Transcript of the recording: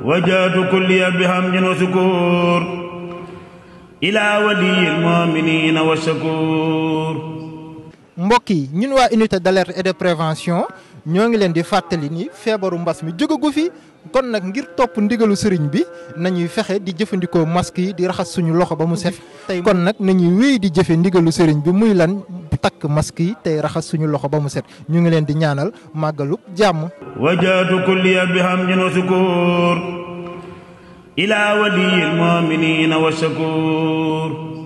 wajaatu kulliya bihamdin wa sukuur ilaa waliyil mu'miniina wa shakuur mbokk yi ñun waa unité d'alerte et de prévention ñoo ngi leen di fàttali ni feebaru mbas mi jógagu fi kon nag ngir topp ndigalu sëriñ bi na ñuy fexe di jëfandikoo masque yi di raxas suñu loxo ba mu set. kon nag nañuy wéy di jëfe ndigalu sëriñ bi muy lan takk masque yi tey raxas suñu loxo ba mu set ñu ngi leen di ñaanal màggalub jàmm wajaatu kulliya bi hamdin wa sukur ila waliyil mu'minin wa shakur